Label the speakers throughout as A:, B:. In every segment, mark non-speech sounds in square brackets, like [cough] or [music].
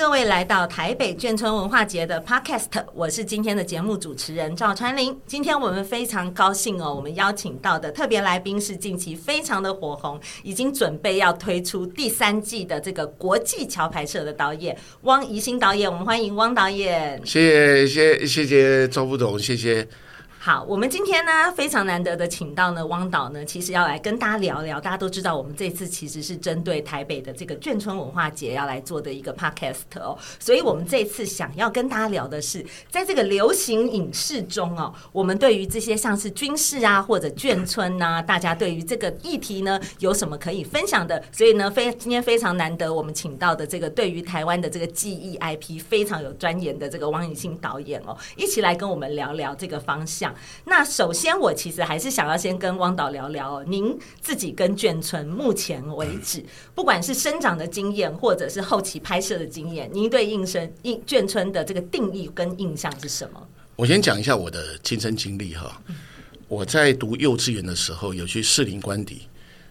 A: 各位來到台北眷村文化節的 Podcast，我是今天的節目主持人趙傳林，今天我們非常高興哦，我們邀請到的特別來賓是近期非常的火紅，已經準備要推出第三季的這個國際橋牌社的導演汪怡昕導演，我們歡迎汪導演。
B: 謝謝謝謝謝周副總謝謝。謝謝
A: 好，我們今天呢非常難得的請到呢汪導呢，其實要來跟大家聊聊。大家都知道，我們這次其實是針對台北的這個眷村文化節要來做的一個 podcast 哦，所以我們這次想要跟大家聊的是，在這個流行影視中哦，我們對於這些像是軍事啊或者眷村吶、啊，大家對於這個議題呢有什麼可以分享的？所以呢，非今天非常難得，我們請到的這個對於台灣的這個記憶 IP 非常有專研的這個汪怡昕導演哦，一起來跟我們聊聊這個方向。那首先，我其實還是想要先跟汪導聊聊，您自己跟眷村目前為止，不管是生長的經驗，或者是後期拍攝的經驗，您對應生應眷村的這個定義跟印象是什麼？
B: 我先講一下我的親身經歷哈。我在讀幼稚園的時候，有去士林官邸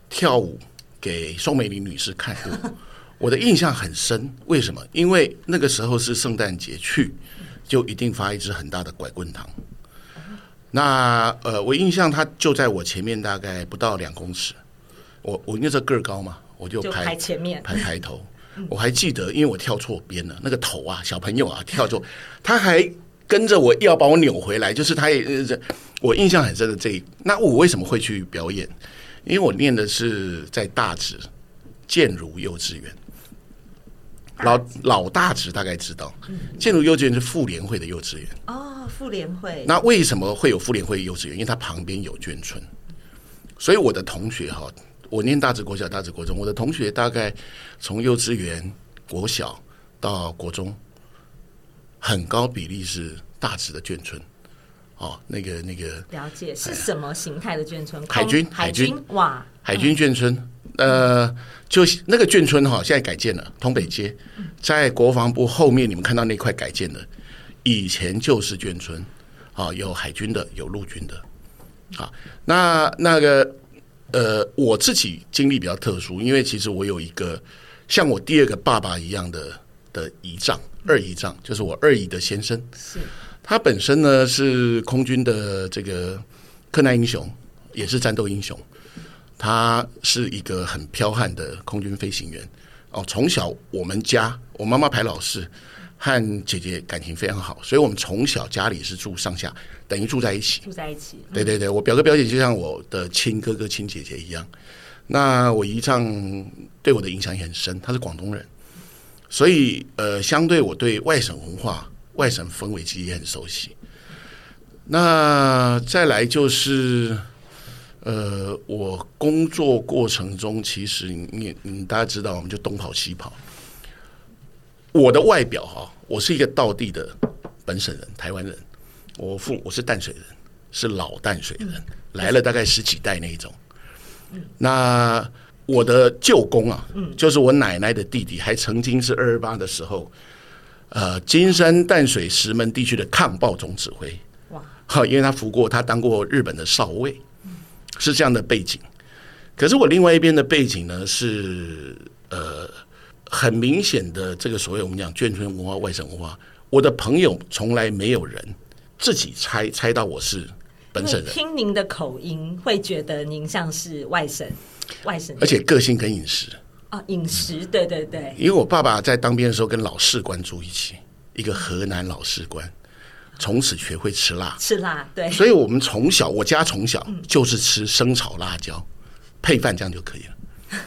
B: 跳舞給宋美齡女士看過，我的印象很深。為什麼？因為那個時候是聖誕節去，就一定發一支很大的拐棍糖。那呃，我印象他就在我前面大概不到兩公尺，我我因為這個高嘛，我就排,就排前面排排頭。 [laughs] 我還記得，因為我跳錯邊了，那個頭啊，小朋友啊，跳錯， [laughs] 他還跟着我要把我扭回來，就是他也這。我印象很深的這一，那我為什麼會去表演？因為我念的是在大直建如幼稚園。老老大直大概知道，嗯，進入幼稚園是婦聯會的幼稚園哦，
A: 婦聯會。那
B: 為什麼會有婦聯會幼稚園？因為它旁邊有眷村，所以我的同學哈，我念大直國小、大直國中，我的同學大概從幼稚園、國小到國中，很高比例是大直的眷村哦，那個那個，了解
A: 是什麼形態的眷村？海軍海軍哇，
B: 海軍眷村。嗯呃，就那個眷村哈、哦，現在改建了。通北街在國防部後面，你們看到那塊改建的，以前就是眷村啊、哦，有海軍的，有陸軍的。啊，那那個呃，我自己經歷比較特殊，因為其實我有一個像我第二個爸爸一樣的的姨丈，二姨丈，就是我二姨的先生，是，他本身呢是空軍的這個克難英雄，也是戰鬥英雄。他是一個很彪悍的空軍飛行員哦，從小我們家我媽媽排老四，和姐姐感情非常好，所以我們從小家裡是住上下，等於住在一起。
A: 住在一起，對對
B: 對，我表哥表姐就像我的親哥哥親姐姐，姐一樣。那我姨丈對我的影響也很深，他是廣東人，所以呃，相對我對外省文化、外省氛圍其實也很熟悉。那再來就是。呃，我工作過程中，其實你你，你大家知道，我們就東跑西跑。我的外表哈、啊，我是一個道地的本省人，台灣人。我父、嗯、我是淡水人，是老淡水人，嗯、來了大概十幾代那一種。嗯、那我的舅公啊，嗯、就是我奶奶的弟弟，還曾經是二二八的時候，呃，金山淡水石門地區的抗暴總指揮。哇，因為他服過，他當過日本的少尉。是這樣的背景，可是我另外一邊的背景呢是呃很明顯的這個所謂我們講眷村文化外省文化，我的朋友從來沒有人自己猜猜到我是本省人，聽
A: 您的口音會覺得您像是外省外省，而且
B: 個性跟飲食
A: 啊飲食對對對，
B: 因為我爸爸在當兵的時候跟老士官住一起，一個河南老士官。從此學會吃辣，吃
A: 辣對。所以
B: 我們從小，我家從小就是吃生炒辣椒，嗯、配飯，這樣就可以了。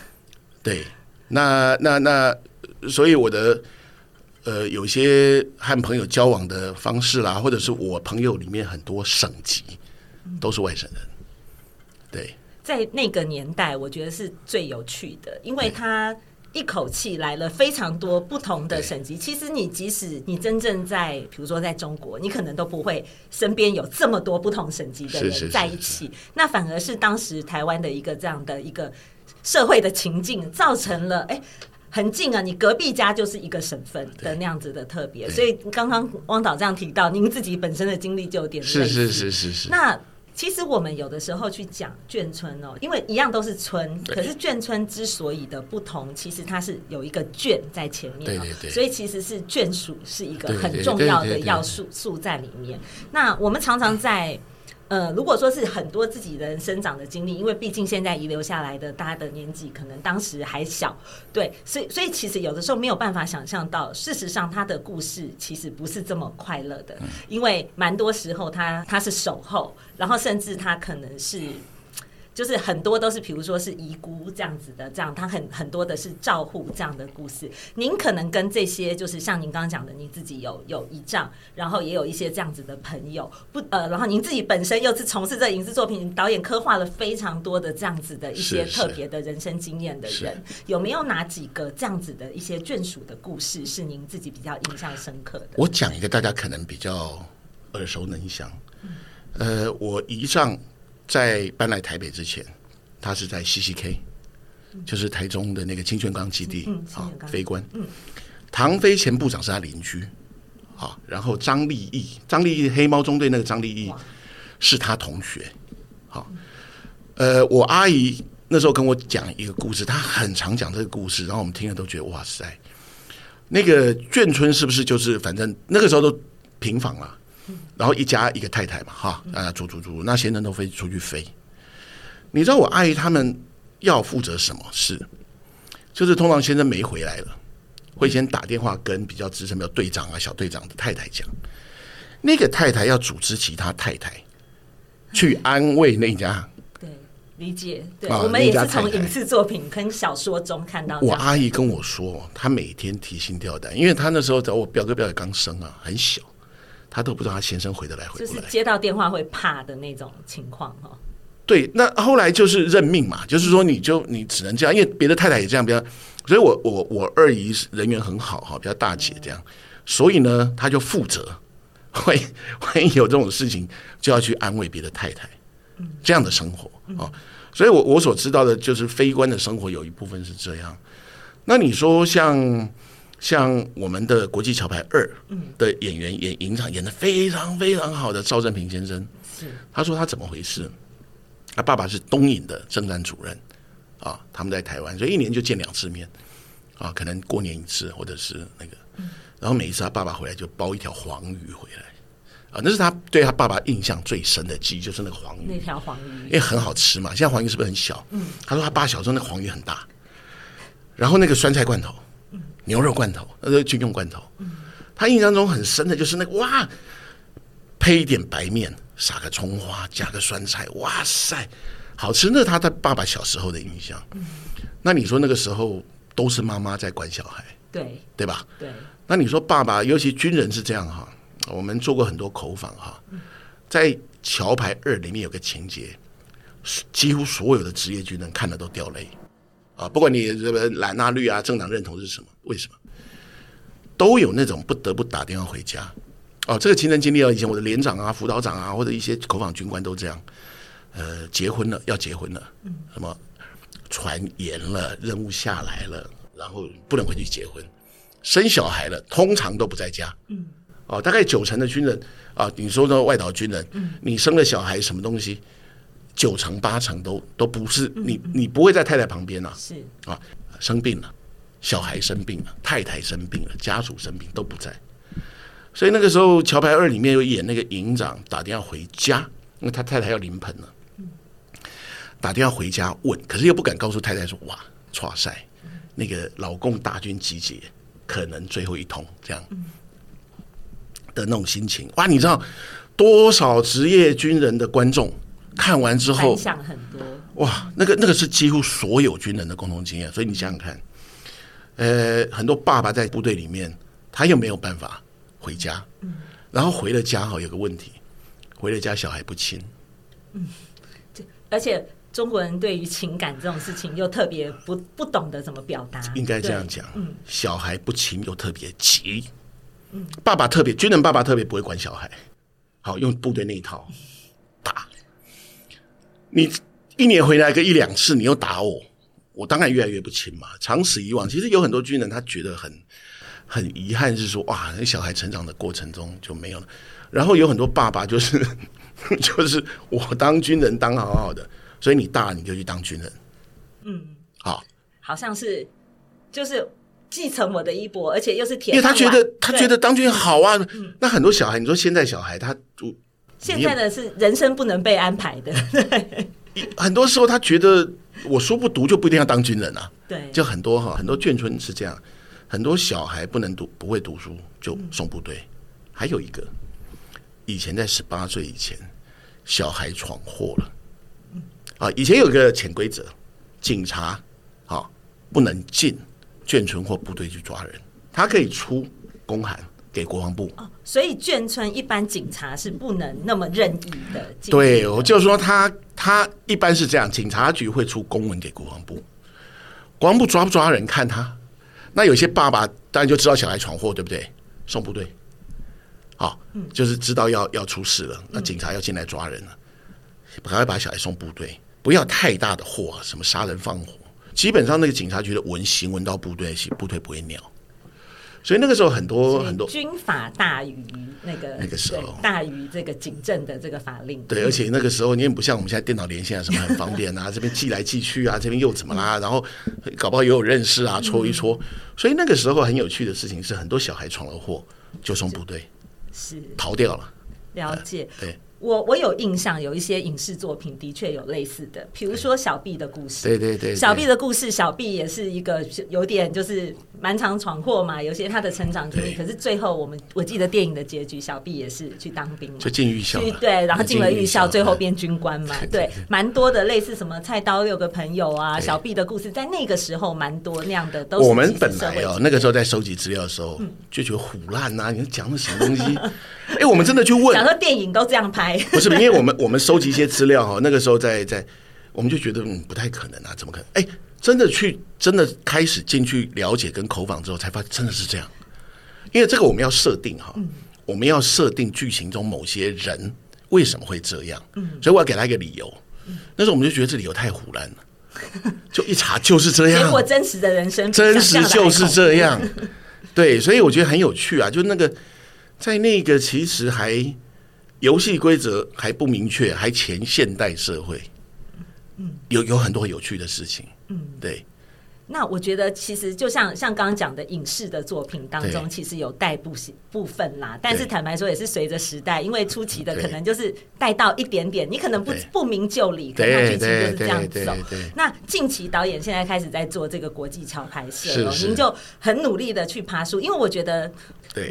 B: 對，那那那，所以我的呃，有些和朋友交往的方式啦，或者是我朋友裡面很多省籍都是外省人，嗯、對。
A: 在那個年代，我覺得是最有趣的，因為他。一口氣來了非常多不同的省籍。對其實你即使你真正在，比如說在中國，你可能都不會身邊有這麼多不同省籍的人在一起。是是是是，那反而是當時台灣的一個這樣的一個社會的情境，造成了哎很近啊，你隔壁家就是一個省份的那樣子的特別。對所以剛剛汪導這樣提到，您自己本身的經歷就有點是。是是是是，是那。其實我們有的時候去講眷村哦，因為一樣都是村，可是眷村之所以的不同，對其實它是有一個“眷”在前面哦，對對對，所以其實是眷屬是一個很重要的要素，對對對對對，素在裡面。那我們常常在。嗯，如果說是很多自己人生長的經歷，因為畢竟現在遺留下來的，大家的年紀可能當時還小，對，所以所以其實有的時候沒有辦法想象到，事實上他的故事其實不是這麼快樂的，因為蠻多時候他他是守候，然後甚至他可能是。就是很多都是，比如說是遺孤這樣子的，這樣他很很多的是照護這樣的故事。您可能跟這些就是像您剛剛講的，你自己有有姨丈，然後也有一些這樣子的朋友不，呃，然後您自己本身又是從事這影視作品導演，刻畫了非常多的這樣子的一些特別的人生經驗的人，有沒有哪幾個這樣子的一些眷屬的故事是您自己比較印象深刻的？
B: 我講一個大家可能比較耳熟能詳，呃，我姨丈。在搬來台北之前，他是在 CCK、嗯、就是台中的那個清泉崗基地啊，嗯、飛官觀，嗯、唐飛前部長是他鄰居，好，然後張立義，張立義黑貓中隊那個張立義是他同學，好哇。呃，我阿姨那時候跟我講一個故事，她很常講這個故事，然後我們聽了都覺得哇塞。那個眷村是不是就是反正那個時候都平房了？嗯、然後一家一個太太嘛，哈，呃、啊，組租租，那先生都飛出去飛。你知道我阿姨他們要負責什麼事？就是通常先生沒回來了，會先打電話跟比較資深，比較隊長啊、小隊長的太太講。那個太太要組織其他太太去安慰那家。對，理
A: 解。對、哦、我們也是從影視作品跟小說中看到的。我
B: 阿姨跟我說，她每天提心吊膽，因為她那時候在我表哥表姐剛生啊，很小。他都不知道他先生回得來回不
A: 來，就是接到電話會怕的那種情況哈。
B: 對，那後來就是認命嘛，就是說你就你只能這樣，因為別的太太也這樣，比較，所以我我我二姨人緣很好哈，比較大姐這樣，所以呢，她就負責會會有這種事情就要去安慰別的太太這樣的生活哦，所以我我所知道的就是飛官的生活有一部分是這樣。那你說像？像我們的國際橋牌社二的演員演營唱演的非常非常好的趙正平先生，他說他怎麼回事？他爸爸是東影的政戰主任啊，他們在台灣，所以一年就見兩次面啊，可能過年一次或者是那個，然後每一次他爸爸回來就包一條黃魚回來啊，那是他對他爸爸印象最深的記憶，就是那個黃
A: 魚，那條黃魚因為
B: 很好吃嘛，現在黃魚是不是很小？他說他爸小時候那個黃魚很大，然後那個酸菜罐頭。牛肉罐頭，呃，軍用罐頭，他印象中很深的就是那個、哇，配一點白麵，撒個蔥花，加個酸菜，哇塞，好吃！那他的爸爸小時候的印象，嗯、那你說那個時候都是媽媽在管小孩，對，對吧？對。那你說爸爸，尤其軍人是這樣哈、啊，我們做過很多口訪哈、啊，在《橋牌二》裡面有個情節，幾乎所有的職業軍人看了都掉淚。不管你這個藍哪綠啊，政黨認同是什麼，為什麼都有那種不得不打電話回家。哦，這個親身經歷了，以前我的連長啊、輔導長啊，或者一些國防軍官都這樣。呃，結婚了，要結婚
C: 了，什
B: 麼傳言了，任務下來了，然後不能回去結婚，生小孩了，通常都不在家。哦，大概九成的軍人啊，你說的外島軍人，你生了小孩，什麼東西？九成八成都都不是你，你不會在太太旁邊啊？是啊，生病了，小孩生病了，太太生病了，家屬生病都不在，所以那個時候《橋牌社二》裡面有演那個營長打電話回家，因為他太太要臨盆了，打電話回家問，可是又不敢告訴太太說哇，哇塞那個老共大軍集結，可能最後一通這樣，的那種心情哇！你知道多少職業軍人的觀眾？看完之後，哇！那個那個是幾乎所有軍人的共同經驗，所以你想想看，呃，很多爸爸在部隊裡面，他又沒有辦法回家，然後回了家，好，有個問題，回了家小孩不親，嗯，
A: 而且中國人對於情感這種事情又特別不不懂得怎麼表達，應該這樣講，
B: 小孩不親又特別急，爸爸特別軍人爸爸特別不會管小孩，好，用部隊那一套打。你一年回來個一兩次，你又打我，我當然越來越不親嘛。長此以往，其實有很多軍人他覺得很很遺憾，是說，哇，那小孩成長的過程中就沒有了。然後有很多爸爸就是就是我當軍人當好好的，所以你大你就去當軍人，嗯，
A: 好，好像是就是繼承我的衣缽，而且又是鐵飯碗，因為他覺得對他覺得當軍好
B: 啊。嗯、那很多小孩，你說現在小孩他就。現在的
A: 是人生不能被安排的。
B: [laughs] 很多時候他覺得我書不讀就不一定要當軍人啊，對，就很多哈，很多眷村是這樣，很多小孩不能讀不會讀書就送部隊，還有一個以前在十八歲以前小孩闖禍了啊，以前有一個潛規則，警察啊，不能進眷村或部隊去抓人，他可以出公函。給國防部、哦，
A: 所以眷村一般警察是不能那麼任意的、的。對、哦，我
B: 就是、說他他一般是這樣，警察局會出公文給國防部，國防部抓不抓人看他。那有些爸爸當然就知道小孩闖禍，對不對？送部隊，好、哦，就是知道要要出事了，那警察要進來抓人了，嗯、趕快把小孩送部隊。不要太大的禍，什麼殺人放火，基本上那個警察局的文行文到部隊，部隊不會鳥。所以那個時候很多很多軍
A: 法大於那個那個時候大於這個警政的這個法令。對，而
B: 且那個時候你也不像我們現在電腦連線、啊、什麼很方便啊， [laughs] 這邊寄來寄去啊，這邊又怎麼啦？然後搞不好也有認識啊，搓一搓。所以那個時候很有趣的事情是，很多小孩闖了禍就從部隊，
A: 是逃掉了。了解，對。我我有印象，有一些影視作品的確有類似的，比如說小畢的故事。對對對，對，小畢的故事，小畢也是一個有點就是蠻常闖禍嘛。有些他的成長經歷，對 可是最後我們我記得電影的結局，小畢也是去當兵，就
B: 進預校，對，然後進了預校，校最
A: 後變軍官嘛。對，對，對，對，蠻多的類似什麼菜刀六個朋友啊，對 小畢的故事，在那個時候蠻多那樣的，都是的。我們本來哦，那
B: 個時候在收集資料的時候就覺得唬爛吶，嗯、你講的什麼東西？哎、 [laughs] 欸，我們真的去問，想說
A: 電影都這樣拍。不是，因為我
B: 們我們收集一些資料哈，那個時候在在，我們就覺得嗯不太可能啊，怎麼可能？哎，真的去真的開始進去了解跟口訪之後，才發現，真的是這樣。因為這個我們要設定哈，我們要設定劇情中某些人為什麼會這樣，所以我要給他一個理由。那時候我們就覺得這理由太唬爛了，就一查就是這樣，結果
A: 真實的人生的真實就是這樣，
B: 對，所以我覺得很有趣啊，就那個在那個其實還。遊戲規則還不明確，還前現代社會，
A: 嗯，
B: 有有很多有趣的事情，嗯，對。
A: 那我覺得其實就像像剛剛講的影視的作品當中，其實有帶部分啦。對但是坦白說，也是隨着時代，對因為初期的可能就是帶到一點點，對你可能不對不明就裡，可能劇情就是這樣對對、喔、對。對對對對，那近期導演現在開始在做這個國際橋牌社您、喔、是就很努力的去爬樹，因為我覺得。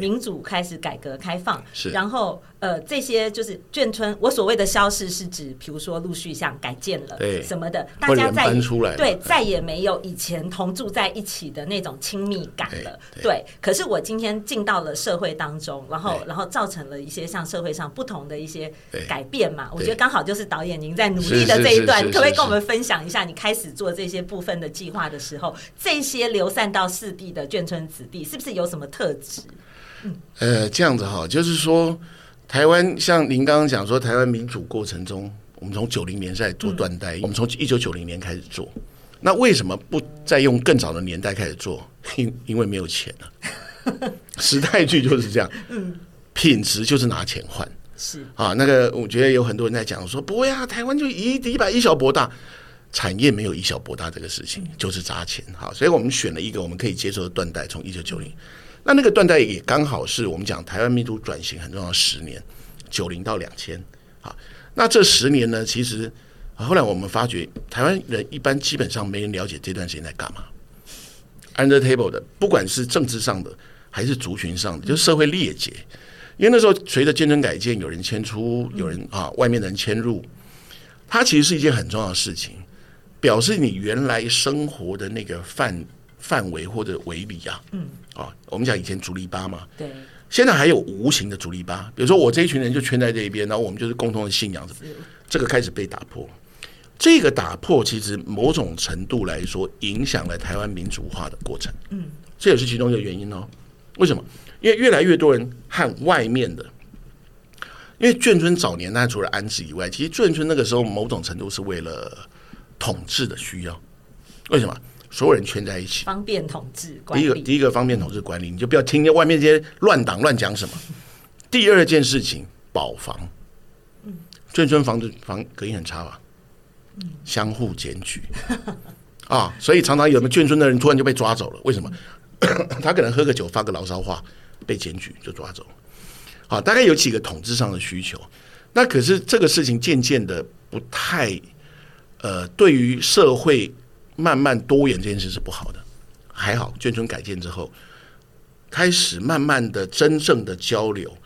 A: 民主開始改革開放，然後呃，這些就是眷村。我所謂的消失，是指比如說陸續像改建了什麼的，大家在對，再也沒有以前同住在一起的那種親密感了。對，可是我今天進到了社會當中，然後然後造成了一些像社會上不同的一些改變嘛。我覺得剛好就是導演您在努力的這一段，可不可以跟我們分享一下，你開始做這些部分的計劃的時候，這些流散到四地的眷村子弟是不是有什麼特質？
B: 嗯、呃，這樣子哈，就是說，台灣像您剛剛講說，台灣民主過程中，我們從九零年代做斷代，嗯、我們從一九九零年開始做，那為什麼不再用更早的年代開始做？因因為沒有錢啊， [laughs] 時代劇就是這樣，嗯，品質就是拿錢換，是啊，那個我覺得有很多人在講說，不會啊，台灣就一一百以小博大產業沒有以小博大這個事情，嗯、就是砸錢，好，所以我們選了一個我們可以接受的斷代，從一九九零。那那個斷代也剛好是我們講台灣民主轉型很重要十年，九零到兩千啊。那這十年呢，其實後來我們發覺，台灣人一般基本上沒人了解這段時間在幹嘛。Under table 的，不管是政治上的還是族群上的，就是社會裂解。因為那時候隨着建成改建，有人遷出，有人啊外面的人遷入，它其實是一件很重要的事情，表示你原來生活的那個範。範圍或者圍籬啊，嗯，啊、哦，我們講以前竹籬笆嘛，對，現在還有無形的竹籬笆，比如說我這一群人就圈在這邊，然後我們就是共同的信仰，是這個開始被打破，這個打破其實某種程度來說影響了臺灣民主化的過程，嗯，這也是其中一個原因哦。為什麼？因為越來越多人和外面的，因為眷村早年，那除了安置以外，其實眷村那個時候某種程度是為了統治的需要，為什麼？所有人圈在一起，
A: 方便統治管理。第一個，
B: 第一個方便統治管理，你就不要聽外面這些亂黨亂講什麼。嗯、第二件事情，保防。嗯，眷村房子房隔音很差吧？嗯，相互檢舉 [laughs] 啊，所以常常有的眷村的人突然就被抓走了。為什麼？嗯、咳咳他可能喝個酒，發個牢騷話，被檢舉就抓走了。好、啊，大概有幾個統治上的需求。那可是這個事情漸漸的不太，呃，對於社會。慢慢多元這件事是不好的，還好眷村改建之後，開始慢慢的真正的交流，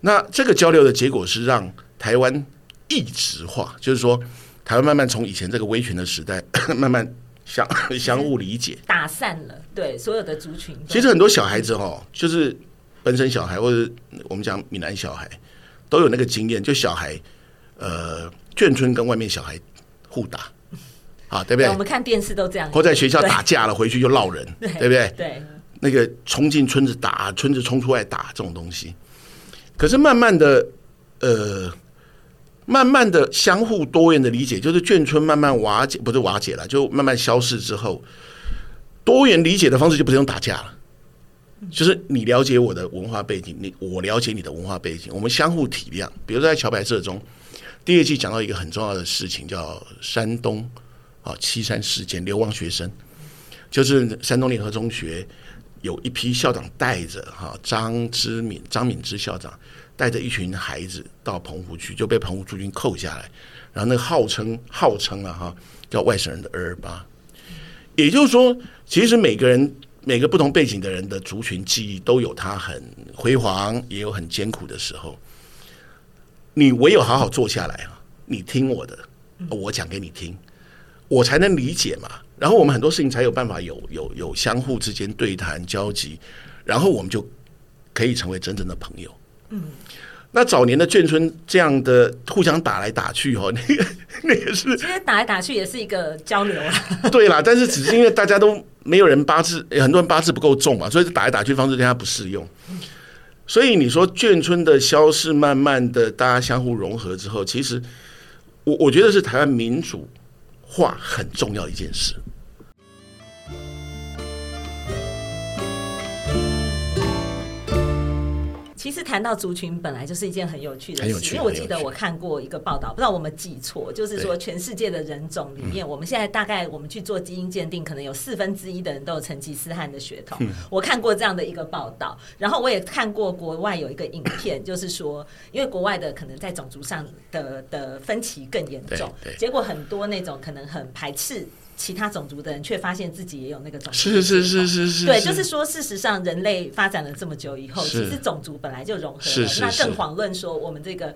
B: 那這個交流的結果是讓台灣一致化，就是說台灣慢慢從以前這個威權的時代 [coughs] 慢慢相相互理解，
A: 打散了對所有的族群。其
B: 實很多小孩子哦，就是本身小孩或者我們講閩南小孩都有那個經驗，就小孩呃眷村跟外面小孩互打。好對不對、嗯？我們看
A: 電視都這樣，或在學校打
B: 架了，對回去就烙人，對，對不對？
A: 對，
B: 那個衝進村子打，村子衝出來打這種東西。可是慢慢的，呃，慢慢的相互多元的理解，就是眷村慢慢瓦解，不是瓦解了，就慢慢消失之後，多元理解的方式就不是用打架了，就是你了解我的文化背景，你我了解你的文化背景，我們相互體諒。比如說在《橋牌社》中，第二季講到一個很重要的事情，叫山東。啊，七三事件流亡學生，就是山東聯合中學有一批校長帶着哈張之敏張敏之校長帶着一群孩子到澎湖去，就被澎湖駐軍扣下來。然後那個號稱號稱啊哈叫外省人的二二八，也就是說，其實每個人每個不同背景的人的族群記憶都有他很輝煌，也有很艱苦的時候。你唯有好好坐下來啊，你聽我的，我講給你聽。我才能理解嘛，然後我們很多事情才有辦法有有有相互之間對談交集，然後我們就可以成為真正的朋友。嗯，那早年的眷村這樣的互相打來打去，哦，那個那個是
A: 其實打來打去也是一個交流
B: 啊。對啦，但是只是因為大家都沒有人八字，很多人八字不夠重嘛，所以打來打去方式跟他不適用。所以你說眷村的消失，慢慢的大家相互融合之後，其實我我覺得是台灣民主。畫很重要一件事。
A: 其實談到族群，本來就是一件很有趣的事。因為我記得我看過一個報道，不知道我們記錯，就是說全世界的人種裡面，我們現在大概我們去做基因鑑定，可能有四分之一的人都有成吉思汗的血統。我看過這樣的一個報道，然後我也看過國外有一個影片，就是說，因為國外的可能在種族上的的分歧更嚴重，結果很多那種可能很排斥。其他種族的人卻發現自己也有那個種族是
C: 是是,是。對，就是
A: 說，事實上，人類發展了這麼久以後，其實種族本來就融合了。是那更遑論說，我們這個。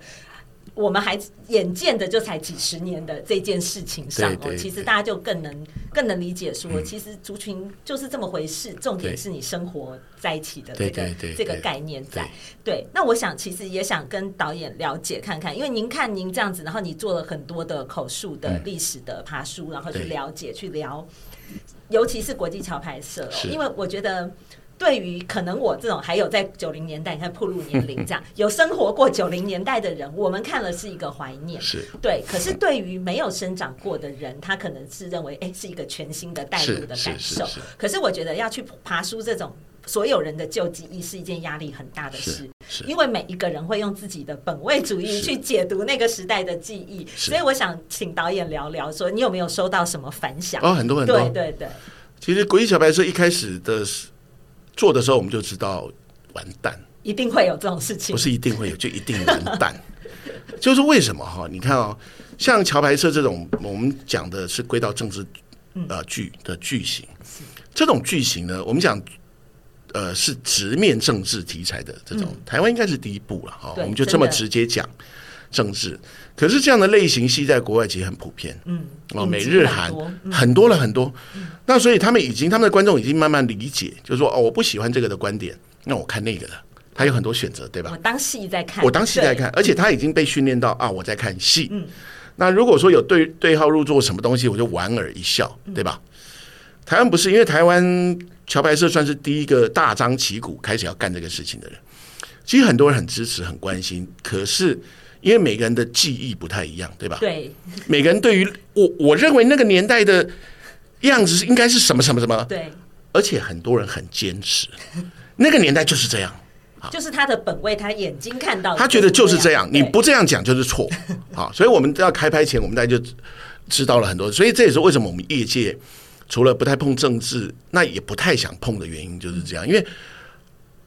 A: 我們還眼見的就才幾十年的這件事情上哦，其實大家就更能更能理解說，其實族群就是這麼回事。重點是你生活在一起的這個這個概念在。對，那我想其實也想跟導演了解看看，因為您看您這樣子，然後你做了很多的口述的歷史的爬書，然後去了解去聊，尤其是國際橋牌社，因為我覺得。對於可能我這種還有在九零年代，你看曝露年齡這樣有生活過九零年代的人，我們看了是一個懷念，是對。可是對於沒有生長過的人，他可能是認為哎，是一個全新的代入的感受。可是我覺得要去爬梳這種所有人的舊記憶是一件壓力很大的事，因為每一個人會用自己的本位主義去解讀那個時代的記憶。所以我想請導演聊聊，說你有沒有收到什麼反響？哦，很多很多，對對對，
B: 對。其實《國際橋牌社》一開始的。做的時候我們就知道完蛋，
A: 一定會有這種事情。不
B: 是一定會有，就一定完蛋。 [laughs] 就是為什麼哈？你看哦，像《橋牌社》這種，我們講的是歸到政治呃劇的劇型。這種劇型呢，我們講呃是直面政治題材的這種。台灣應該是第一部了哈，我們就這麼直接講。政治，可是這樣的類型戲在國外其實很普遍，嗯，哦，美日韓、嗯、很多了很多，嗯、那所以他們已經他們的觀眾已經慢慢理解，就是說哦，我不喜歡這個的觀點，那我看那個了，他有很多選擇，對吧？嗯、我
A: 當戲在看，我當戲在看，對而且
B: 他已經被訓練到、嗯、啊，我在看戲。嗯、那如果說有對對號入座什麼東西，我就莞爾一笑，對吧？嗯、台灣不是，因為台灣橋牌社算是第一個大張旗鼓開始要幹這個事情的人，其實很多人很支持很關心，嗯、可是。因為每個人的記憶不太一樣，對吧？對，每個人對於我，我認為那個年代的樣子是應該是什麼什麼什麼。對，而且很多人很堅持， [laughs] 那個年代就是這樣。
A: 就是他的本位，他眼睛看到他覺得就是這
B: 樣。對你不這樣講就是錯。啊對。所以我們到開拍前，我們大家就知道了很多。所以這也是為什麼我們業界除了不太碰政治，那也不太想碰的原因，就是這樣。因為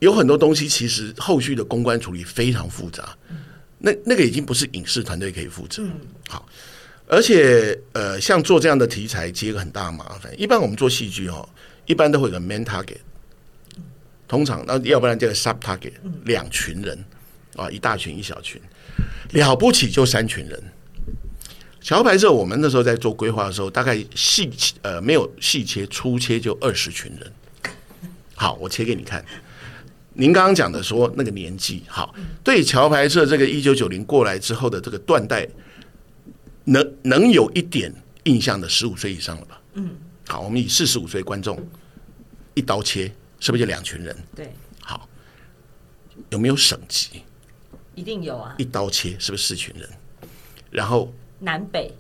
B: 有很多東西，其實後續的公關處理非常複雜。嗯那那個已經不是影視團隊可以負責。好，而且呃，像做這樣的題材，接個很大的麻煩。一般我們做戲劇哦，一般都會有個 main target，通常那、啊、要不然這個 sub target，兩群人啊，一大群一小群，了不起就三群人。橋牌社我們那時候在做規劃的時候，大概細呃沒有細切，粗切就二十群人。好，我切給你看。您剛剛講的說那個年紀，好，對橋牌社這個一九九零過來之後的這個斷代，能能有一點印象的十五歲以上了吧？
A: 嗯，
B: 好，我們以四十五歲觀眾，嗯，一刀切，是不是就兩群人？
A: 對，好，
B: 有沒有省級？
A: 一定有啊！
B: 一刀切是不是四群人？然後南北，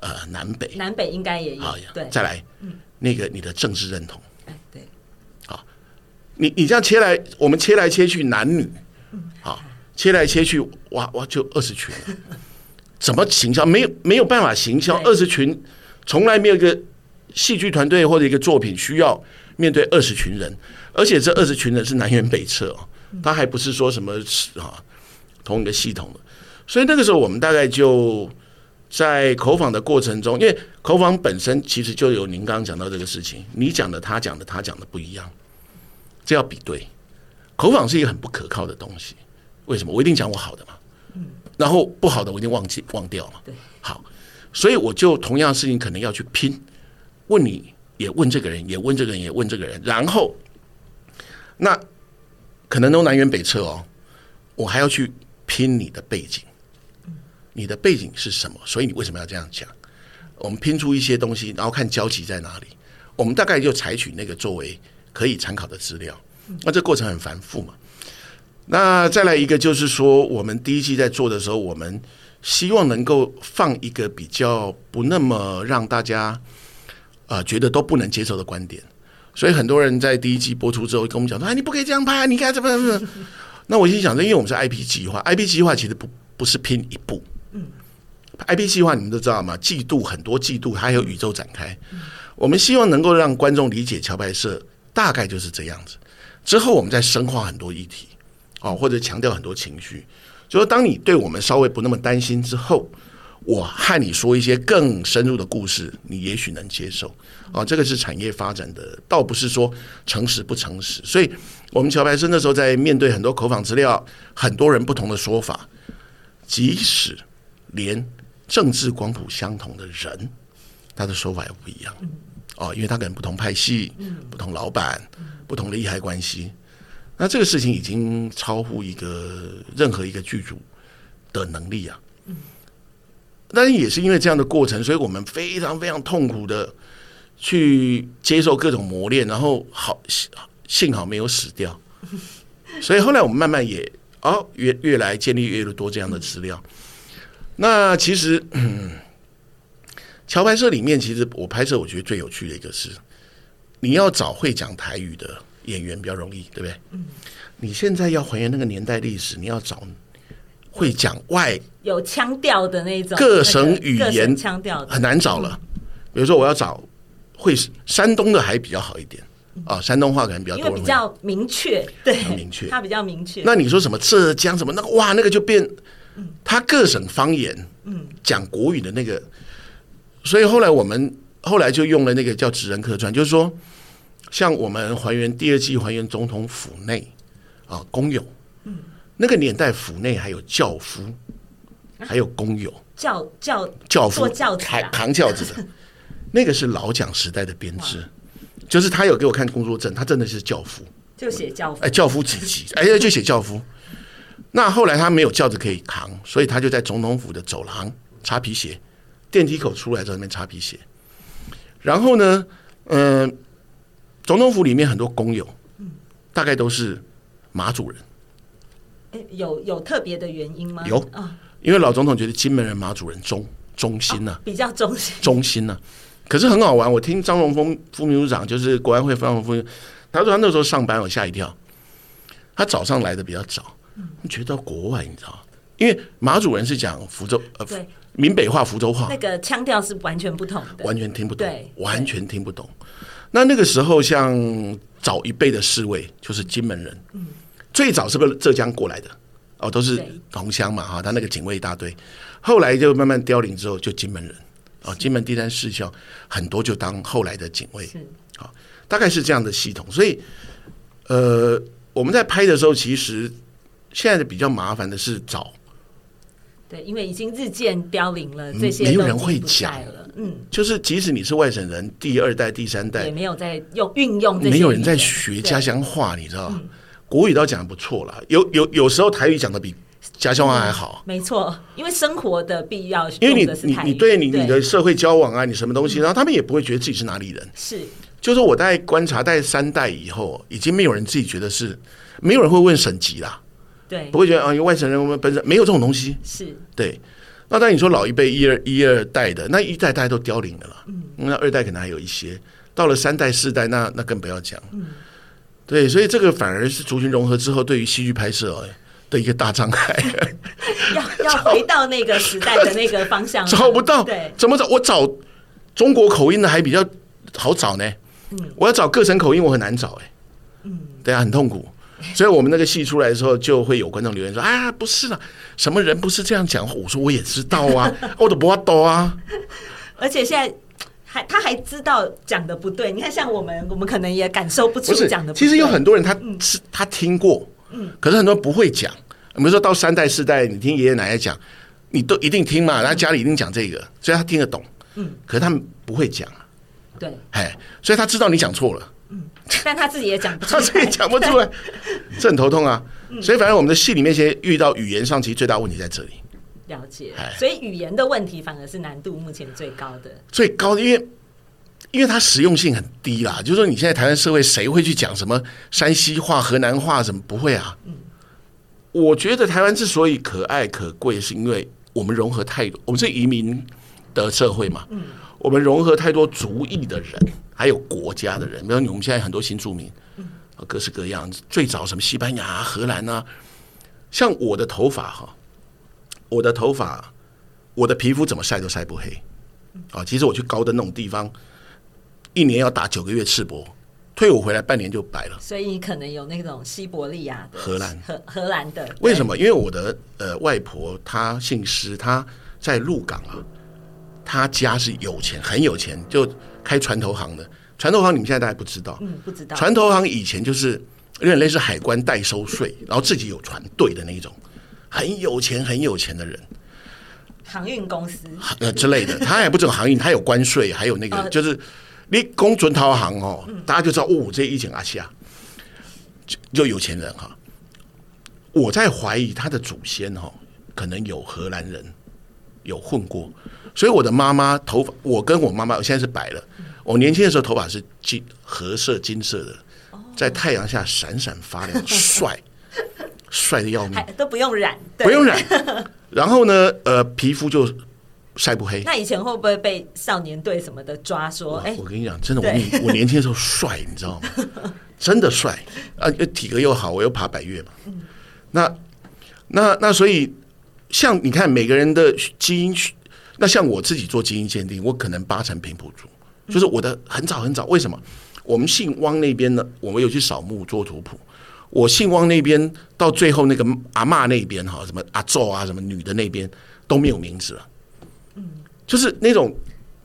B: 呃，南北，南
A: 北應該也有，好，對，再來，嗯，
B: 那個你的政治認同。你你這樣切來，我們切來切去男女，好，切來切去，哇哇就二十群，怎麼行銷？沒有沒有辦法行銷二十群，從來沒有一個戲劇團隊或者一個作品需要面對二十群人，而且這二十群人是南轅北轍、哦、他還不是說什麼啊同一個系統的，所以那個時候我們大概就在口訪的過程中，因為口訪本身其實就有您剛剛講到這個事情，你講的、他講的、他講的、他講的不一樣。這要比對口訪是一個很不可靠的東西，為什麼？我一定講我好的嘛，嗯、然後不好的我一定忘記忘掉了，對，好，所以我就同樣的事情可能要去拼，問你也問這個人，也問這個人，也問這個人，然後那可能都南轅北轍哦，我還要去拼你的背景，嗯、你的背景是什麼？所以你為什麼要這樣講？嗯、我們拼出一些東西，然後看交集在哪裡，我們大概就採取那個作為。可以參考的資料，那這過程很繁複嘛？那再來一個就是說，我們第一季在做的時候，我們希望能夠放一個比較不那麼讓大家、呃、覺得都不能接受的觀點。所以很多人在第一季播出之後，跟我們講說：“哎，你不可以這樣拍，你該怎麼怎麼。” [laughs] 那我心想，這因為我們是 IP 計劃，IP 計劃其實不不是拼一部。IP 計劃你們都知道嗎？季度很多季度，它還有宇宙展開。 [laughs] 我們希望能夠讓觀眾理解橋牌社。大概就是這樣子，之後我們再深化很多議題，哦，或者強調很多情緒。就是、說當你對我們稍微不那麼擔心之後，我和你說一些更深入的故事，你也許能接受。啊、哦，這個是產業發展的，倒不是說誠實不誠實。所以，我們橋牌社那時候在面對很多口訪資料，很多人不同的說法，即使連政治光譜相同的人，他的說法也不一樣。哦，因為他可能不同派系，嗯、不同老闆，嗯、不同的利害關係，那這個事情已經超乎一個任何一個劇組的能力啊。嗯，但是也是因為這樣的過程，所以我們非常非常痛苦的去接受各種磨練，然後好幸好沒有死掉。所以後來我們慢慢也哦越越來建立越來越多這樣的資料。那其實。嗯橋牌社裡面，其實我拍攝，我覺得最有趣的一個是，你要找會講台語的演員比較容易，對不對？嗯。你現在要還原那個年代歷史，你要找會講外、嗯、
A: 有腔調的那種各省語言，個個省腔調很
B: 難找了。嗯、比如說，我要找會山東的還比較好一點、嗯、啊，山東話可能比較多人，因為比
A: 較明確，對，啊、明確，他比較明確。那你
B: 說什麼浙江什麼那個哇，那個就變，嗯、他各省方言，嗯，講國語的那個。所以後來我們後來就用了那個叫“職人客串”，就是說，像我們還原第二季，還原總統府內啊工友，嗯、那個年代府內還有轎夫，
A: 還有工友，轎轎轎夫轎子
B: 扛轎子的， [laughs] 那個是老蔣時代的編制，哇就是他有給我看工作證，他真的是轎夫，就寫轎夫、哎，哎，轎夫幾級？哎呀，就寫轎夫。 [laughs] 那後來他沒有轎子可以扛，所以他就在總統府的走廊擦皮鞋。電梯口出來，在那邊擦皮鞋。然後呢，嗯，總統府裡面很多工友，嗯、大概都是馬祖人，欸。有
A: 有特別的原因嗎？有
B: 啊，因為老總統覺得金門人馬祖人忠忠心呢，啊哦，
A: 比較忠心，啊，
B: 忠心呢、啊。可是很好玩，我聽張榮豐副秘書長，就是國安會副秘書長，他說他那時候上班，我嚇一跳。他早上來的比較早，嗯，覺得到國外你知道，嗯、因為馬祖人是講福州，呃、對。閩北話、福州話，那個
A: 腔調是完全不同的，完
B: 全聽不懂，對，對，完全聽不懂。那那個時候，像早一輩的侍衛，就是金門人，嗯，最早是不是浙江過來的？哦，都是同鄉嘛，哈對，他那個警衛一大堆。後來就慢慢凋零，之後就金門人啊是、哦，金門第三士校很多就當後來的警衛，是、哦，大概是這樣的系統。所以，呃，我們在拍的時候，其實現在的比較麻煩的是找。
A: 對，因為已經日漸凋零了，這些、嗯、沒有人會講了。嗯，
B: 就是即使你是外省人，第二代、第三代也沒
A: 有在用運用這些，沒有人
B: 在學家鄉話，對你知道嗎？嗯、國語都講得不錯了，有有有時候台語講得比家鄉話還好、嗯。
A: 沒錯，因為生活的必要性，因為你你你對你
B: 對你的社會交往啊，你什麼東西，嗯、然後他們也不會覺得自己是哪裡人。是，就是我在觀察，在三代以後，已經沒有人自己覺得是，沒有人會問省籍啦。對，不會覺得啊，有外省人，我們本身沒有這種東西。是對，那當然你說老一輩一二一二代的那一代，大家都凋零了。嗯，嗯，那二代可能還有一些，到了三代四代那，那那更不要講。嗯、對，所以這個反而是族群融合之後，對於戲劇拍攝的一個大障礙、嗯。要要
A: 回到那個時代的那個方向找，找不到對，
B: 怎麼找？我找中國口音的還比較好找呢。
A: 嗯、
B: 我要找各省口音，我很難找哎、欸。嗯，對啊，很痛苦。所以我們那個戲出來的時候，就會有觀眾留言說：“啊，不是了，什麼人不是這樣講？”我說：“我也知道啊， [laughs] 我都不會懂啊。”
A: 而且現在還他還知道講的不對。你看，像我們，我們可能也感受不出講的不對。其實有很
B: 多人他，嗯、他是他聽過，嗯，可是很多人不會講。我們說到三代四代，你聽爺爺奶奶講，你都一定聽嘛，然後家裡一定講這個，所以他聽得懂，可是他們不會講，
A: 對、
B: 嗯，哎，所以他知道你講錯了。對嗯
A: 嗯、但他自己也講，他自己講不出
B: 來，這很頭痛啊。嗯、
A: 所以，反正我
B: 們的戲裡面，先遇到語言上其實最大問題在這裡。
A: 了解，唉所以語言的問題反而是難度目前最高的。
B: 最高的，嗯、因為因為它實用性很低啦。就是說你現在台灣社會，誰會去講什麼山西話、河南話？什麼不會啊？嗯、我覺得台灣之所以可愛可貴，是因為我們融合太多，我們是移民的社會嘛。嗯。嗯我們融合太多族裔的人，還有國家的人，比如說我們現在很多新住民，各式各樣，最早什麼西班牙，荷蘭啊，像我的頭髮哈，我的頭髮，我的皮膚怎麼曬都曬不黑。啊，其實我去高登的那種地方，一年要打九個月赤膊，退伍回來半年就白了。
A: 所以你可能有那種西伯利亞的
B: 荷蘭，荷
A: 荷蘭的。
B: 為什麼？因為我的呃外婆她姓施，她在鹿港啊。他家是有錢，很有錢，就開船頭行的。船頭行，你們現在大概不知道。嗯，
C: 不知道。船
B: 頭行以前就是有類是海關代收稅， [laughs] 然後自己有船隊的那種，很有錢，很有錢的人。
A: 航
B: 運公司呃之類的，他也不只航運， [laughs] 他有關稅，還有那個、呃、就是你公船頭行哦，嗯、大家就知道哦，這一整阿西啊就，就有錢人哈，哦。我在懷疑他的祖先哦，可能有荷蘭人。有混過，所以我的媽媽頭髮，我跟我媽媽現在是白了。我年輕的時候頭髮是金褐色，金色的，在太陽下閃閃發亮，帥，帥的要命，
A: 都不用染，不用染。
B: 然後呢，呃，皮膚就曬不黑。那以
A: 前會不會被少年隊什麼的抓說？哎，我
B: 跟你講，真的，我我年輕的時候帥，你知道嗎？真的帥啊，體格又好，我又爬百岳嘛。那那那所以。像你看每個人的基因，那像我自己做基因鑑定，我可能八成平埔族，就是我的很早很早，為什麼我們姓汪那邊呢？我們有去掃墓做族譜，我姓汪那邊到最後那個阿嬤那邊哈，什麼阿祖啊，什麼女的那邊都沒有名字了，嗯，就是那種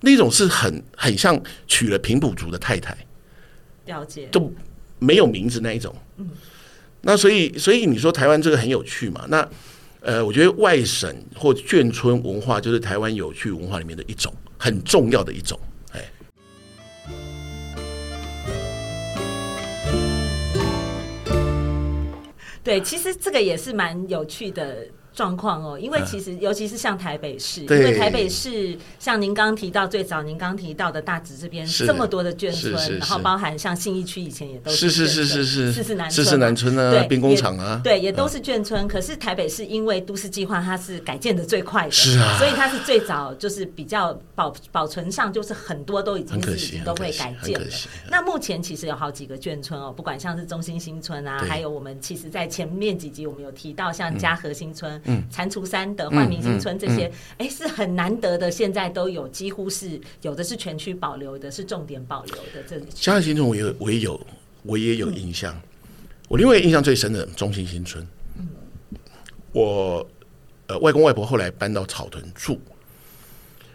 B: 那種是很很像娶了平埔族的太太，
A: 了解，都
B: 沒有名字那一種，嗯，那所以所以你說台灣這個很有趣嘛，那。呃，我覺得外省或眷村文化就是台灣有趣文化裡面的一種，很重要的一種。
A: 對，其實這個也是蠻有趣的。狀況哦，因為其實尤其是像台北市，因為台北市像您剛提到最早，您剛提到的大直這邊這麼多的眷村，然後包含像信義區以前也都是是是是是是是南是是南村啊，兵工廠啊，對，也都是眷村。可是台北市因為都市計劃，它是改建的最快的，是啊，所以它是最早就是比較保保存上就是很多都已經都是都會改建了。那目前其實有好幾個眷村哦，不管像是中心新村啊，還有我們其實，在前面幾集我們有提到像嘉禾新村。嗯，蟾蜍山的煥民新村這些，哎、欸，是很難得的。現在都有，幾乎是有的是全區保留的，是重點保留的。這裡，
B: 嘉禾新村我我也有我也有印象。我，也有影嗯、我另外印象最深的中興新村，嗯、我、呃、外公外婆後來搬到草屯住。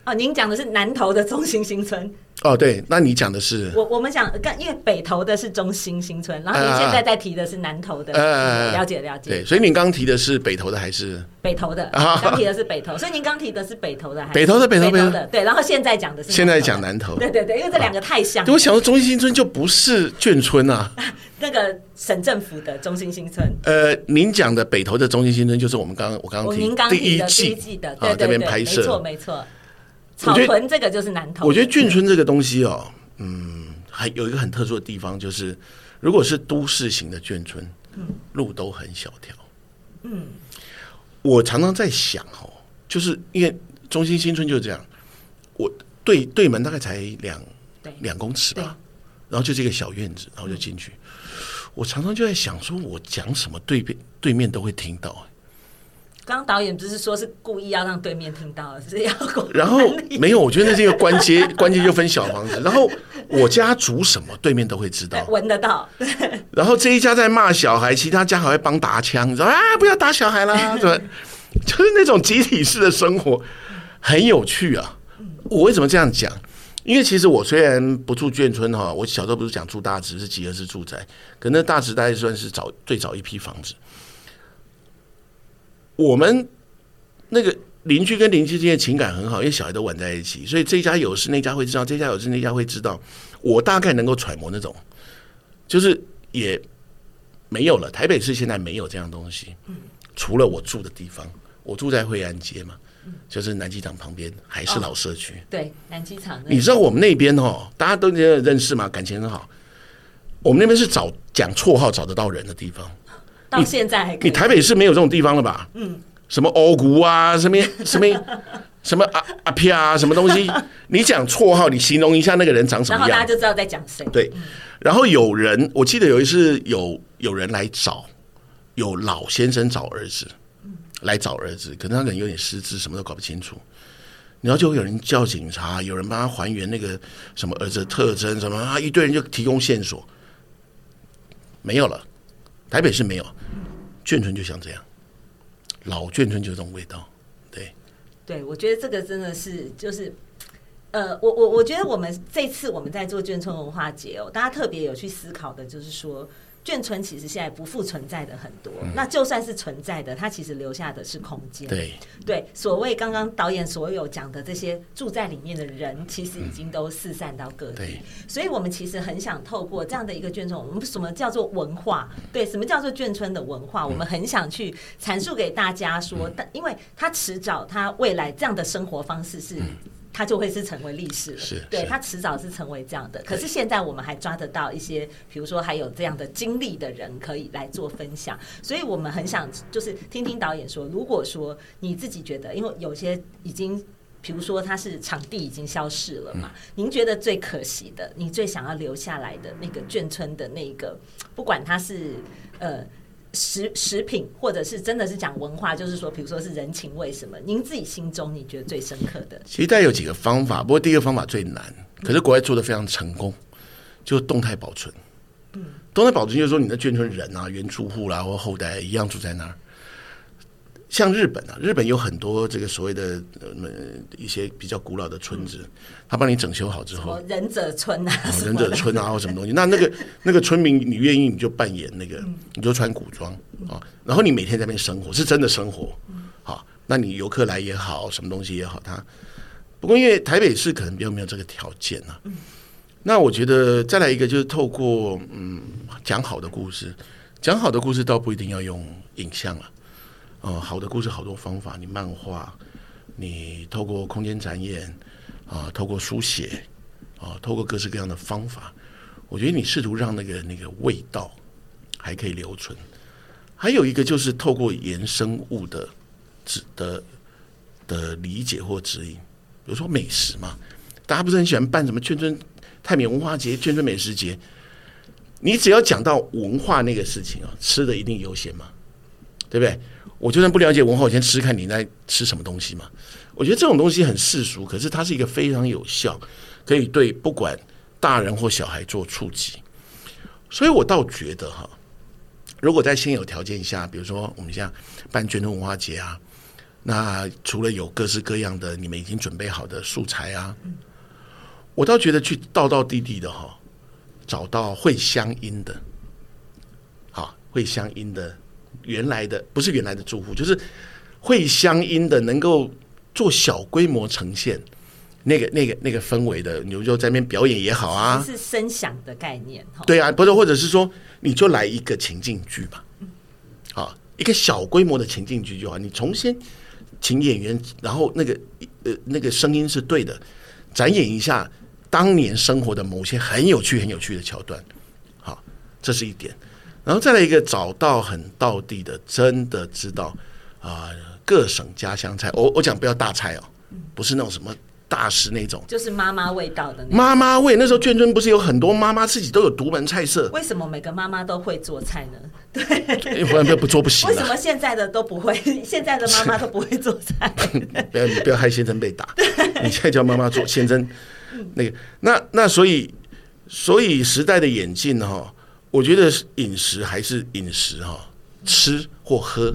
A: 哦、啊，您講的是南投的中興新村。
B: 哦，對，那你講的是我，
A: 我們講，因為北投的是中心新村，然後您現在在提的是南投的，了解了解。對，
B: 所以您剛提的是北投的還是？
A: 北投的，啊，剛提的是北投，所以您剛提的是北投的還是？北投的，北投，北投的，對。然後現在講的是現在
B: 講南投，對
A: 對對，因為這兩個太像了。我想說，
B: 中心新村就不是眷村啊，那
A: 個省政府的中心新村。
B: 呃，您講的北投的中心新村就是我們剛剛我剛提的，第一季
A: 的啊這邊拍攝，沒錯沒錯。草屯這個就是南投。我覺得我覺得眷村
B: 這個東西哦、喔，嗯，還有一個很特殊的地方就是，如果是都市型的眷村，嗯，路都很小條，
C: 嗯。
B: 我常常在想哦、喔，就是因為中心新村就這樣，我對對門大概才兩兩公尺吧，然後就這個小院子，然後就進去。我常常就在想，說我講什麼對面對面都會聽到。
A: 剛剛導演不是說，是故意要讓對面聽到的，是
B: 要關。然後沒有，我覺得那是一個官階， [laughs] 官階就分小房子。然後我家煮什麼，對面都會知
A: 道，聞、哎、得到。
B: 對，然後這一家在罵小孩，其他家還會幫打槍，你說啊不要打小孩啦，對，就是那種集體式的生活，很有趣啊。我為什麼這樣講？因為其實我雖然不住眷村哈，我小時候不是講住大直，是集合式住宅，可那大直大概算是最早找一批房子。我們那個鄰居跟鄰居之間的情感很好，因為小孩都玩在一起，所以這家有事那家會知道，這家有事那家會知道。我大概能夠揣摩那種，就是也沒有了。台北市現在沒有這樣東西，嗯、除了我住的地方，我住在惠安街嘛，嗯、就是南機場旁邊，還是老社區。
A: 哦、對，南機場。你知
B: 道我們那邊哦，大家都認識嘛，感情很好。我們那邊是找講綽號找得到人的地方。
A: 到現在還可以你，你台北是
B: 沒有這種地方了吧？嗯，什麼歐谷啊，什麼什麼 [laughs] 什麼啊啊，啊什麼東西？你講綽號，你形容一下那個人長什麼樣，然後大家就
A: 知道在講誰。
B: 對，嗯、然後有人，我記得有一次有有人來找，有老先生找兒子，
A: 嗯、
B: 來找兒子，可能他可能有點失智，什麼都搞不清楚，然後就會有人叫警察，有人幫他還原那個什麼兒子的特徵，什麼啊，一堆人就提供線索，沒有了。台北是沒有，眷村就像這樣，老眷村就是這種味道，對，
A: 對我覺得這個真的是就是，呃，我我我覺得我們這次我們在做眷村文化節哦，大家特別有去思考的就是說。眷村其實現在不復存在的很多，嗯、那就算是存在的，它其實留下的是空間。對，對，所謂剛剛導演所有講的這些住在裡面的人，其實已經都四散到各地，嗯、所以我們其實很想透過這樣的一個眷村，我們什麼叫做文化？對，什麼叫做眷村的文化？嗯、我們很想去闡述給大家說，嗯、但因為它遲早，它未來這樣的生活方式是。嗯它就會是成為歷史了，是對，它遲早是成為這樣的。是，可是現在我們還抓得到一些，比如說還有這樣的經歷的人可以來做分享，所以我們很想就是聽聽導演說，如果說你自己覺得，因為有些已經，比如說它是場地已經消逝了嘛，嗯、您覺得最可惜的，你最想要留下來的那個眷村的那個，不管它是呃。食食品，或者是真的是講文化，就是說，比如說是人情味什麼，您自己心中你覺得最深刻的？其
B: 實它有幾個方法，不過第一個方法最難，嗯、可是國外做得非常成功，就是動態保存。動態保存就是說，你的眷村人啊，嗯、原住戶啦、啊，或後代一樣住在那兒。像日本啊，日本有很多這個所謂的、呃、一些比較古老的村子，他幫、嗯、你整修好之後，
A: 忍者村啊，忍、哦、我者村啊
B: 或什麼東西， [laughs] 那那個那個村民，你願意你就扮演那個，嗯、你就穿古裝啊、哦，然後你每天在那邊生活，是真的生活，好、嗯哦，那你遊客來也好，什麼東西也好，他不過因為台北市可能比較沒有這個條件、啊、嗯，那我覺得再來一個就是透過嗯講好的故事，講好的故事倒不一定要用影像了、啊。哦、嗯，好的故事好多方法，你漫畫，你透過空間展演，啊，透過書寫，啊，透過各式各樣的方法，我覺得你試圖讓那個那個味道還可以留存。還有一個就是透過延伸物的指的的理解或指引，比如說美食嘛，大家不是很喜歡辦什麼眷村、泰米文化節、眷村美食節？你只要講到文化那個事情啊，吃的一定優先嘛。對不對？我就算不了解文化，我先吃試試看你在吃什麼東西嘛。我覺得這種東西很世俗，可是它是一個非常有效，可以對不管大人或小孩做觸及。所以我倒覺得哈、啊，如果在現有條件下，比如說我們像辦眷村文化節啊，那除了有各式各樣的你們已經準備好的素材啊，我倒覺得去道道地地的哈、啊，找到會鄉音的，好會鄉音的。原來的不是原來的住戶，就是會相應的能夠做小規模呈現，那個，那個那個那個氛圍的，你就在那邊表演也好啊，是
A: 聲響的概念。對
B: 啊，不是，嗯、或者是說你就來一個情境劇吧，好，啊，一個小規模的情境劇就好。你重新請演員，然後那個呃那個聲音是對的，展演一下當年生活的某些很有趣，很有趣的橋段。好，啊，這是一點。然後再來一個找到很道地的，真的知道啊、呃，各省家鄉菜。我我講不要大菜哦，不是那種什麼大師那種，
A: 就是媽媽味道的媽
B: 媽味。那時候眷村不是有很多媽媽自己都有獨門菜色？
A: 為什麼每個媽媽都會做菜呢？對，對，因為不然
B: 不不做不行。為什麼
A: 現在的都不會？現在的媽媽都不會做
B: 菜？是 [laughs] 不要，你不要害先生被打。對你現在叫媽媽做先生，那個那那所以所以時代的演進哈。我覺得飲食還是飲食哈、哦，吃或喝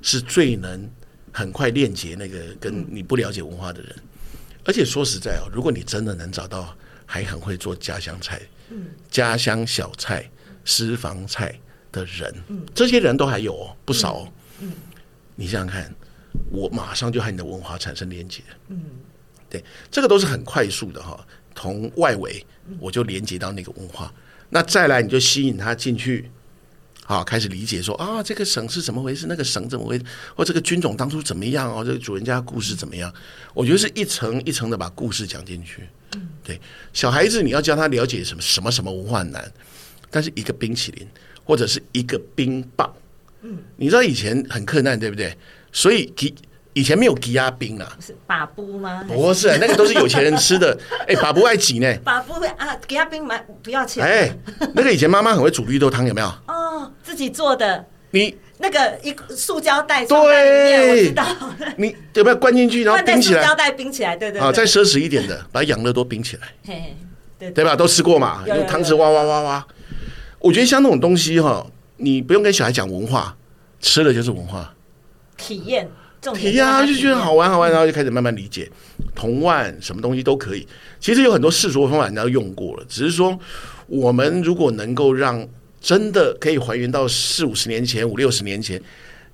B: 是最能很快鏈接那個跟你不了解文化的人。嗯、而且說實在哦，如果你真的能找到還很會做家鄉菜、嗯、家鄉小菜、私房菜的人，嗯、這些人都還有、哦、不少、哦。嗯嗯、你想想看，我馬上就和你的文化產生連接。
C: 嗯，
B: 對，這個都是很快速的哈、哦，從外圍我就連接到那個文化。那再來你就吸引他進去，好、啊、開始理解說啊，這個省是怎麼回事，那個省怎麼回事，或這個軍種當初怎麼樣哦、啊，這個主人家故事怎麼樣？我覺得是一層一層的把故事講進去。對，嗯、小孩子你要教他了解什麼什麼什麼文化難，但是一個冰淇淋或者是一個冰棒，嗯，你知道以前很困難對不對？所以以前沒有枝仔冰啊，
A: 是叭噗嗎？不是，啊，那個都是有錢人吃的。哎，叭噗愛擠呢。叭噗啊，枝仔冰買不要錢。哎，
B: 那個以前媽媽很會煮綠豆湯，有沒有？
A: 哦，自己做的。你那個一塑膠袋，對，知
B: 道。你有沒有灌進去，然後冰起來？膠袋
A: 冰起來，對對，對。啊，再
B: 奢侈一點的，把養樂多冰起來。
A: [laughs] [laughs] 對
B: 對，對，對吧？都吃過嘛？用湯匙挖挖挖挖，挖。 [laughs] 嗯、我覺得像那種東西哈、喔，你不用跟小孩講文化，吃的就是文化
A: 體驗。對、哎、呀，就覺得好
B: 玩好玩，然後就開始慢慢理解。童玩什麼東西都可以，其實有很多世俗的方法，人家都用過了。只是說，我們如果能夠讓真的可以還原到四五十年前、五六十年前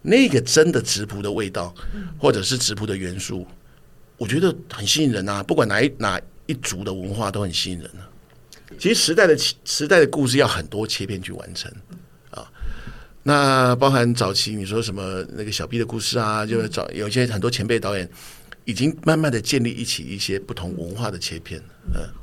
B: 那個真的質樸的味道，或者是質樸的元素，嗯、我覺得很吸引人啊。不管哪一哪一族的文化都很吸引人啊。其實時代的時代的故事要很多切片去完成，那包含早期你說什麼那個小 B 的故事啊，就是早有些很多前輩導演已經慢慢的建立一起一些不同文化的切片了。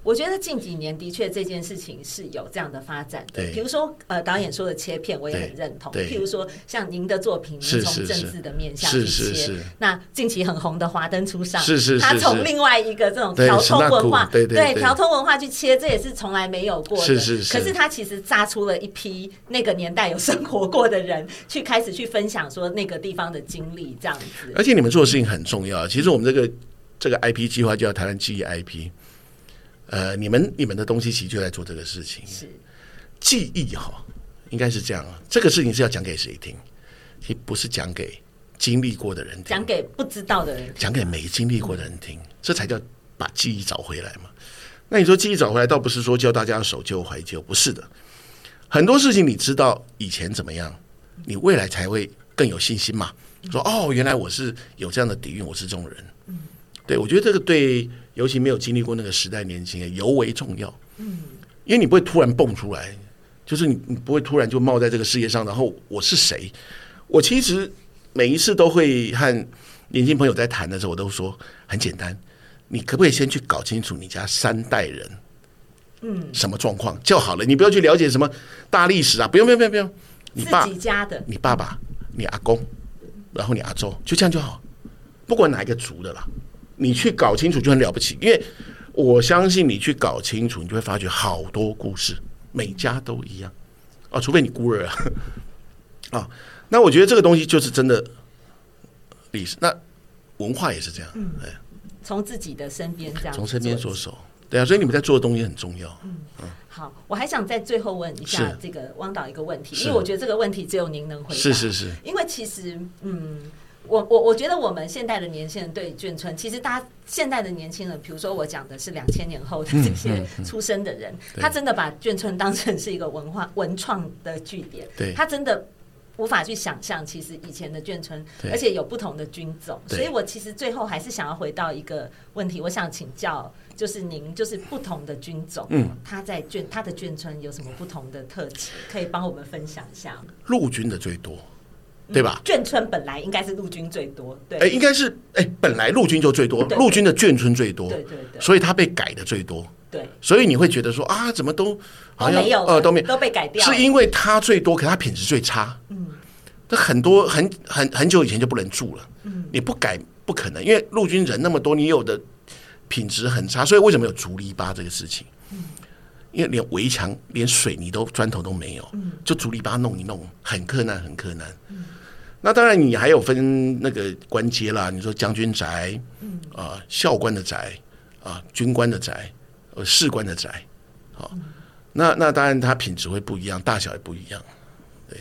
A: 我覺得近幾年的確這件事情是有這樣的發展的。比如說，呃，導演說的切片，我也很認同。譬如說，像您的作品，您從政治的面向去切。那近期很紅的《華燈初上》，是是，他從另外一個這種調通文化，對對對，調通文化去切，這也是從來沒有過的。是是，可是他其實炸出了一批那個年代有生活過的人，去開始去分享說那個地方的經歷這樣子。而
B: 且你們做的事情很重要。其實我們這個這個 IP 計劃叫台灣記憶 IP。呃，你們你們的東西其實就在做這個事情，是記憶哈、哦，應該是這樣啊。這個事情是要講給誰聽？不是講給經歷過的人聽，
A: 講給不知道的人聽，
B: 講給沒經歷過的人聽，嗯、這才叫把記憶找回來嘛。那你說記憶找回來，倒不是說叫大家守舊懷舊，不是的。很多事情你知道以前怎麼樣，你未來才會更有信心嘛。說哦，原來我是有這樣的底蘊，我是這種人。嗯，對，我覺得這個對。尤其沒有經歷過那個時代年，年輕人尤為重要。嗯，因為你不會突然蹦出來，就是你你不會突然就冒在這個世界上。然後我是誰？我其實每一次都會和年輕朋友在談的時候，我都說很簡單：你可不可以先去搞清楚你家三代人，嗯，什麼狀況就好了？你不要去了解什麼大歷史啊！不用不用不用不用，你爸自己家的，你爸爸，你阿公，然後你阿祖，就這樣就好。不管哪一個族的啦。你去搞清楚就很了不起，因為我相信你去搞清楚，你就會發覺好多故事，每家都一樣啊，除非你孤兒啊，呵呵啊。那我覺得這個東西就是真的歷史，那文化也是這樣。嗯，對，
A: 從自己的身邊這樣，從身邊着
B: 手，對啊，所以你們在做的東西很重要。
A: 嗯，嗯好，我還想再最後問一下這個汪導一個問題，是因為我覺得這個問題只有您能回答。是，是是是，因為其實嗯。我我我覺得我們現代的年輕人對眷村，其實大家現代的年輕人，比如說我講的是兩千年後的這些出生的人，他真的把眷村當成是一個文化文創的據點，他真的無法去想象，其實以前的眷村，而且有不同的軍種，所以我其實最後還是想要回到一個問題，我想請教，就是您就是不同的軍種，他在眷他的眷村有什麼不同的特質，可以幫我們分享一下嗎？
B: 陸軍的最多。對吧？眷村
A: 本來應該是陸軍最多，對。哎，應該是
B: 哎，本來陸軍就最多，陸軍的眷村最多，對對對，所以他被改的最多。
A: 對，
B: 所以你會覺得說啊，怎麼都好像呃都沒有都被改掉，是因為他最多，可是他品質最差。嗯，這很多很很很久以前就不能住了。嗯，你不改不可能，因為陸軍人那麼多，你有的品質很差，所以為什麼有竹籬笆這個事情？嗯，因為連圍牆、連水泥都磚頭都沒有，就竹籬笆弄一弄，很困難，很困難。嗯。那當然，你還有分那個官階啦。你說將軍宅，
C: 嗯
B: 啊、呃，校官的宅，啊、呃，軍官的宅，呃，士官的宅，好、哦，嗯、那那當然它品質會不一樣，大小也不一樣，對。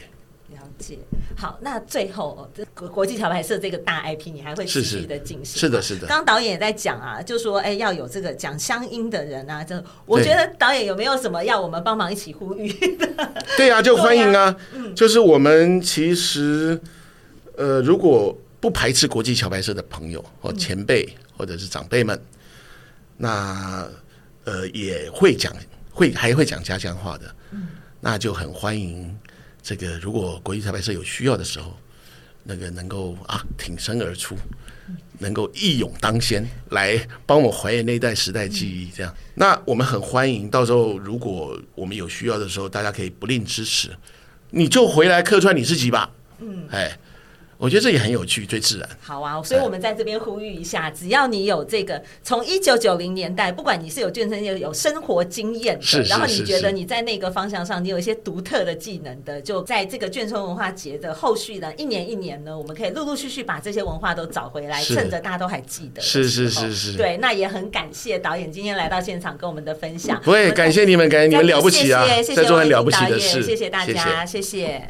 A: 了解。好，那最後，國國際橋牌社這個大 IP，你還會繼續的進行是是。是的，是的。剛剛導演也在講啊，就說哎、欸、要有這個講鄉音的人啊，就我覺得導演有沒有什麼要我們幫忙一起呼籲的對？
B: [laughs] 對啊，就歡迎啊，嗯、就是我們其實。呃，如果不排斥國際橋牌社的朋友或前輩或者是長輩們，嗯、那呃也會講，會還會講家鄉話的。嗯、那就很歡迎這個。如果國際橋牌社有需要的時候，那個能夠啊挺身而出，能夠一勇當先、嗯、來幫我還原那代時代記憶。這樣，嗯、那我們很歡迎。到時候如果我們有需要的時候，大家可以不吝支持，你就回來客串你自己吧。
A: 嗯，
B: 哎。我覺得這也很有趣，最自然。
A: 好啊，所以我們在這邊呼籲一下，嗯，只要你有這個，從一九九零年代，不管你是有眷村有有生活經驗的，然後你覺得你在那個方向上，你有一些獨特的技能的，就在這個眷村文化節的後續呢，一年一年呢，我們可以陸陸續續,續把這些文化都找回來，是趁着大家都還記得。是是是是。對，那也很感謝導演今天來到現場跟我們的分享。不會
B: 後感謝你們，感謝你們了不起啊！謝謝謝謝，在做很了不起的事。謝謝大家，謝謝。
A: 謝謝